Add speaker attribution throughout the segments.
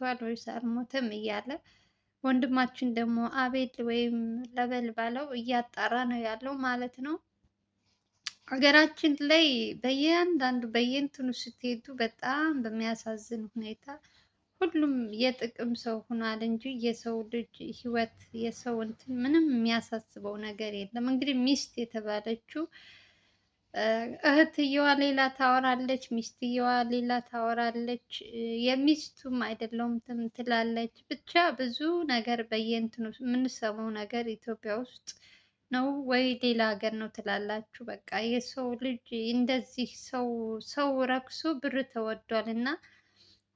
Speaker 1: ሞቷል ወይስ አልሞተም እያለ ወንድማችን ደግሞ አቤል ወይም ለበል ባለው እያጣራ ነው ያለው ማለት ነው። ሀገራችን ላይ በእያንዳንዱ በየእንትኑ ስትሄዱ በጣም በሚያሳዝን ሁኔታ ሁሉም የጥቅም ሰው ሆኗል እንጂ የሰው ልጅ ህይወት የሰው እንትን ምንም የሚያሳስበው ነገር የለም። እንግዲህ ሚስት የተባለችው እህትየዋ ሌላ ታወራለች፣ ሚስትየዋ ሌላ ታወራለች፣ የሚስቱም አይደለውም ትላለች። ብቻ ብዙ ነገር በየእንትኑ የምንሰማው ነገር ኢትዮጵያ ውስጥ ነው ወይ ሌላ ሀገር ነው ትላላችሁ። በቃ የሰው ልጅ እንደዚህ ሰው ሰው ረክሶ ብር ተወዷል እና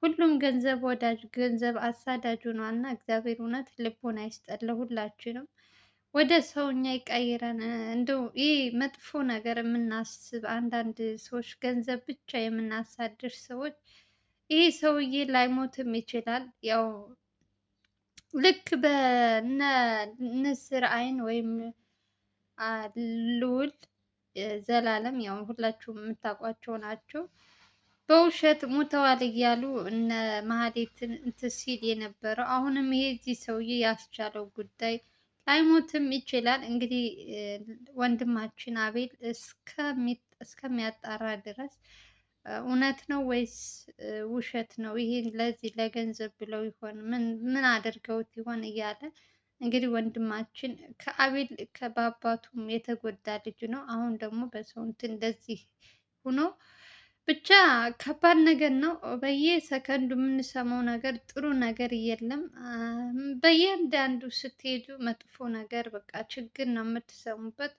Speaker 1: ሁሉም ገንዘብ ወዳጅ ገንዘብ አሳዳጅ እና እግዚአብሔር እውነት ልቦና ይስጠን ወደ ሰውኛ ይቀይረን። እንደው ይህ መጥፎ ነገር የምናስብ አንዳንድ ሰዎች፣ ገንዘብ ብቻ የምናሳድር ሰዎች፣ ይህ ሰውዬ ላይሞትም ይችላል። ያው ልክ ንስር አይን ወይም ልዑል ዘላለም ያው ሁላችሁም የምታውቋቸው ናቸው። በውሸት ሙተዋል እያሉ እነ ማህሌትን እንትን ሲል የነበረው አሁንም ይሄ እዚህ ሰውዬ ያስቻለው ጉዳይ ላይሞትም ይችላል። እንግዲህ ወንድማችን አቤል እስከሚያጣራ ድረስ እውነት ነው ወይስ ውሸት ነው? ይሄን ለዚህ ለገንዘብ ብለው ይሆን ምን አድርገውት ይሆን እያለ እንግዲህ ወንድማችን ከአቤል ከአባቱም የተጎዳ ልጅ ነው። አሁን ደግሞ በሰውንት እንደዚህ ሁኖ ብቻ ከባድ ነገር ነው። በየሰከንዱ የምንሰማው ነገር ጥሩ ነገር የለም። በእያንዳንዱ ስትሄዱ መጥፎ ነገር በቃ ችግር ነው የምትሰሙበት።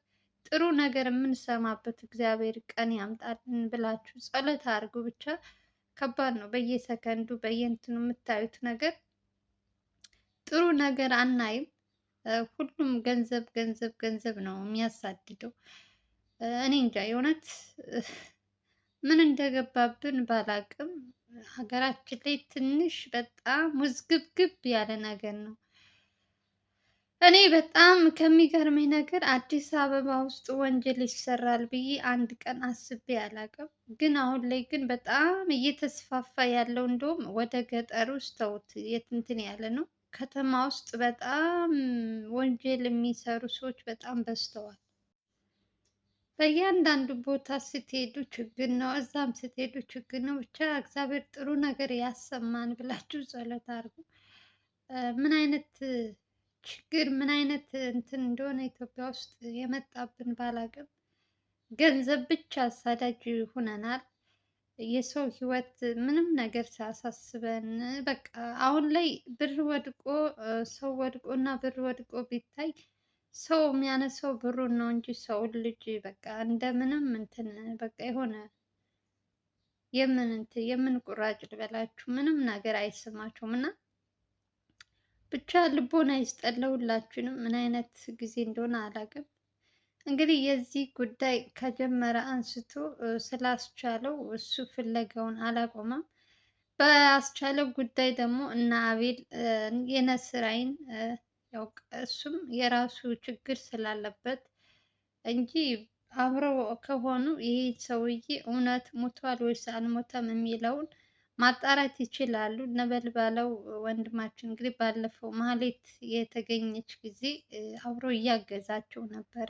Speaker 1: ጥሩ ነገር የምንሰማበት እግዚአብሔር ቀን ያምጣልን ብላችሁ ጸሎት አድርጉ። ብቻ ከባድ ነው። በየሰከንዱ በየእንትኑ የምታዩት ነገር ጥሩ ነገር አናይም። ሁሉም ገንዘብ ገንዘብ ገንዘብ ነው የሚያሳድደው። እኔ እንጃ የእውነት ምን እንደገባብን ባላቅም ሀገራችን ላይ ትንሽ በጣም ውዝግብግብ ያለ ነገር ነው። እኔ በጣም ከሚገርመኝ ነገር አዲስ አበባ ውስጥ ወንጀል ይሰራል ብዬ አንድ ቀን አስቤ አላቅም። ግን አሁን ላይ ግን በጣም እየተስፋፋ ያለው እንደውም ወደ ገጠር ውስጥ ተውት የትንትን ያለ ነው። ከተማ ውስጥ በጣም ወንጀል የሚሰሩ ሰዎች በጣም በዝተዋል። በእያንዳንዱ ቦታ ስትሄዱ ችግር ነው፣ እዛም ስትሄዱ ችግር ነው። ብቻ እግዚአብሔር ጥሩ ነገር ያሰማን ብላችሁ ጸሎት አድርጉ። ምን አይነት ችግር ምን አይነት እንትን እንደሆነ ኢትዮጵያ ውስጥ የመጣብን ባላቅም፣ ገንዘብ ብቻ አሳዳጅ ሁነናል። የሰው ህይወት ምንም ነገር ሳያሳስበን በቃ አሁን ላይ ብር ወድቆ ሰው ወድቆ እና ብር ወድቆ ቢታይ ሰው የሚያነሳው ብሩን ነው እንጂ ሰውን ልጅ በቃ እንደምንም እንትን በቃ የሆነ የምን እንትን የምን ቁራጭ ልበላችሁ ምንም ነገር አይሰማችሁም። እና ብቻ ልቦና ይስጠን ምን አይነት ጊዜ እንደሆነ አላውቅም። እንግዲህ የዚህ ጉዳይ ከጀመረ አንስቶ ስላስቻለው እሱ ፍለጋውን አላቆመም። በአስቻለው ጉዳይ ደግሞ እነ አቤል የነስር አይን ያው እሱም የራሱ ችግር ስላለበት እንጂ አብረው ከሆኑ ይህ ሰውዬ እውነት ሞቷል ወይስ አልሞተም የሚለውን ማጣራት ይችላሉ። ነበልባለው ወንድማችን እንግዲህ ባለፈው ማህሌት የተገኘች ጊዜ አብሮ እያገዛቸው ነበረ።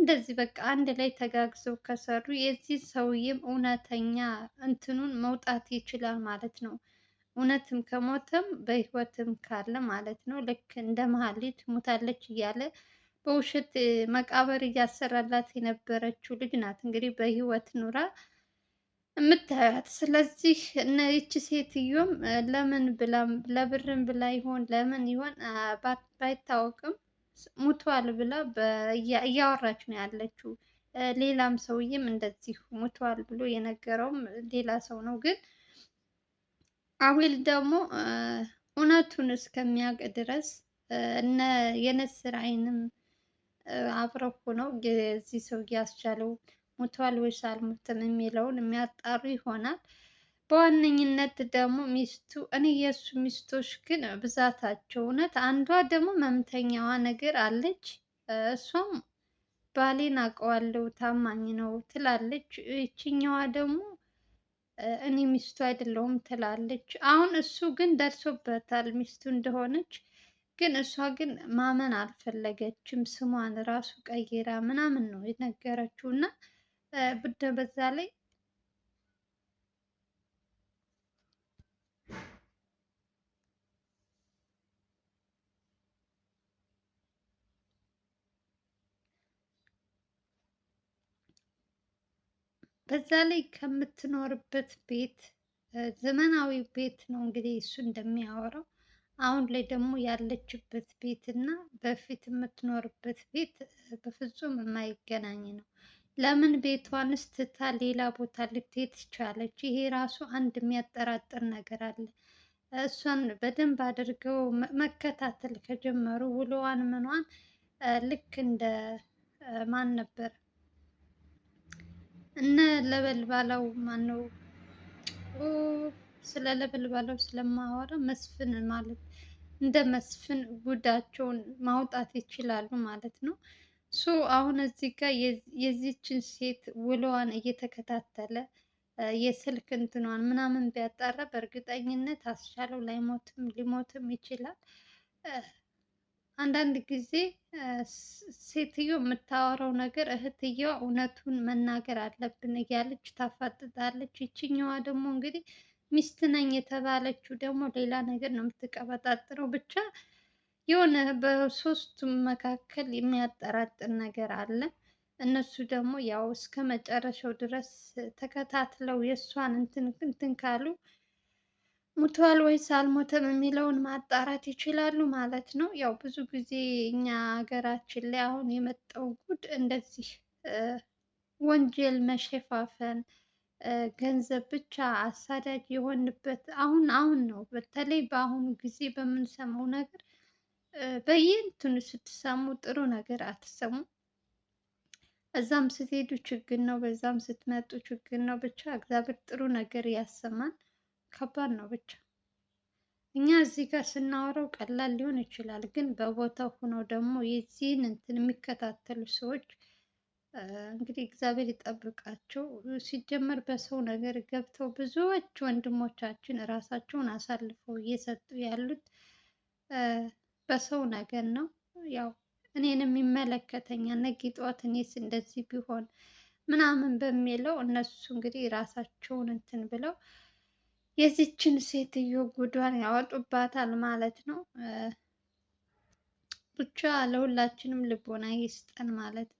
Speaker 1: እንደዚህ በቃ አንድ ላይ ተጋግዘው ከሰሩ የዚህ ሰውዬም እውነተኛ እንትኑን መውጣት ይችላል ማለት ነው። እውነትም ከሞተም በህይወትም ካለ ማለት ነው ልክ እንደ መሀሌት ሞታለች እያለ በውሸት መቃብር እያሰራላት የነበረችው ልጅ ናት እንግዲህ በህይወት ኑራ የምታያት። ስለዚህ ይቺ ሴትዮም ለምን ብላ ለብርም ብላ ይሆን ለምን ይሆን ባይታወቅም ሙቷል ብላ እያወራች ነው ያለችው። ሌላም ሰውዬም እንደዚሁ ሙቷል ብሎ የነገረውም ሌላ ሰው ነው ግን አዊል ደግሞ እውነቱን እስከሚያውቅ ድረስ እነ የንስር አይንም አብረው ሆነው የዚህ ሰው እያስቻለው ሙቷል ወይስ አልሞተም የሚለውን የሚያጣሩ ይሆናል። በዋነኝነት ደግሞ ሚስቱ እኔ የእሱ ሚስቶች ግን ብዛታቸው እውነት፣ አንዷ ደግሞ መምተኛዋ ነገር አለች። እሷም ባሌን አውቀዋለሁ ታማኝ ነው ትላለች። ይችኛዋ ደግሞ እኔ ሚስቱ አይደለሁም ትላለች። አሁን እሱ ግን ደርሶበታል ሚስቱ እንደሆነች ግን እሷ ግን ማመን አልፈለገችም። ስሟን ራሱ ቀይራ ምናምን ነው የነገረችው እና ብደ በዛ ላይ በዛ ላይ ከምትኖርበት ቤት ዘመናዊ ቤት ነው እንግዲህ እሱ እንደሚያወራው። አሁን ላይ ደግሞ ያለችበት ቤት እና በፊት የምትኖርበት ቤት በፍጹም የማይገናኝ ነው። ለምን ቤቷን ስትታ ሌላ ቦታ ልትሄድ ትቻለች? ይሄ ራሱ አንድ የሚያጠራጥር ነገር አለ። እሷን በደንብ አድርገው መከታተል ከጀመሩ ውሎዋን ምኗን ልክ እንደ ማን ነበር እነ ለበልባላው ማነው ስለ ለበልባላው ስለማወራ መስፍን ማለት እንደ መስፍን ጉዳቸውን ማውጣት ይችላሉ ማለት ነው። ሶ አሁን እዚህ ጋር የዚችን ሴት ውሎዋን እየተከታተለ የስልክ እንትኗን ምናምን ቢያጣራ በእርግጠኝነት አስቻለው ላይሞትም ሊሞትም ይችላል። አንዳንድ ጊዜ ሴትዮ የምታወራው ነገር እህትየዋ እውነቱን መናገር አለብን እያለች ታፋጥጣለች። ይችኛዋ ደግሞ እንግዲህ ሚስት ነኝ የተባለችው ደግሞ ሌላ ነገር ነው የምትቀበጣጥረው። ብቻ የሆነ በሶስቱም መካከል የሚያጠራጥር ነገር አለ። እነሱ ደግሞ ያው እስከ መጨረሻው ድረስ ተከታትለው የእሷን እንትን ካሉ ሙቷል ወይስ አልሞተም የሚለውን ማጣራት ይችላሉ ማለት ነው። ያው ብዙ ጊዜ እኛ ሀገራችን ላይ አሁን የመጣው ጉድ እንደዚህ ወንጀል መሸፋፈን፣ ገንዘብ ብቻ አሳዳጅ የሆንበት አሁን አሁን ነው። በተለይ በአሁኑ ጊዜ በምንሰማው ነገር በየእንትኑ ስትሰሙ ጥሩ ነገር አትሰሙም። እዛም ስትሄዱ ችግር ነው፣ በዛም ስትመጡ ችግር ነው። ብቻ እግዚአብሔር ጥሩ ነገር ያሰማን። ከባድ ነው ብቻ። እኛ እዚህ ጋር ስናወራው ቀላል ሊሆን ይችላል፣ ግን በቦታው ሆነው ደግሞ የዚህን እንትን የሚከታተሉ ሰዎች እንግዲህ እግዚአብሔር ይጠብቃቸው። ሲጀመር በሰው ነገር ገብተው ብዙዎች ወንድሞቻችን ራሳቸውን አሳልፈው እየሰጡ ያሉት በሰው ነገር ነው። ያው እኔን የሚመለከተኛል ነገ ጠዋት እኔስ እንደዚህ ቢሆን ምናምን በሚለው እነሱ እንግዲህ ራሳቸውን እንትን ብለው የዚችን ሴትዮ ጉዷን ያወጡባታል ማለት ነው። ብቻ ለሁላችንም ልቦና ይስጠን ማለት ነው።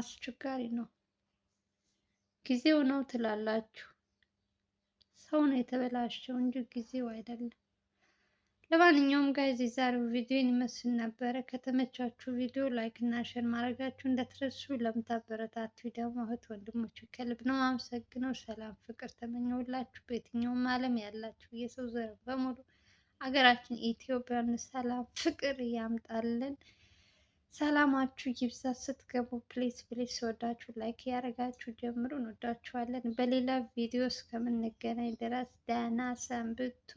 Speaker 1: አስቸጋሪ ነው። ጊዜው ነው ትላላችሁ። ሰው ነው የተበላሸው እንጂ ጊዜው አይደለም። ለማንኛውም ጋይዝ የዛሬው ቪዲዮ ይመስል ነበረ። ከተመቻችሁ ቪዲዮ ላይክ እና ሼር ማድረጋችሁ እንዳትረሱ። ለምታበረታቱ ደግሞ እህት ወንድሞች ከልብ ነው አመሰግነው። ሰላም ፍቅር ተመኘውላችሁ። በየትኛውም ዓለም ያላችሁ የሰው ዘር በሙሉ አገራችን ኢትዮጵያን ሰላም ፍቅር እያምጣልን ሰላማችሁ ይብዛ። ስትገቡ ፕሌስ ፕሌስ ወዳችሁ ላይክ ያደረጋችሁ ጀምሩ። እንወዳችኋለን። በሌላ ቪዲዮ እስከምንገናኝ ድረስ ደህና ሰንብቱ።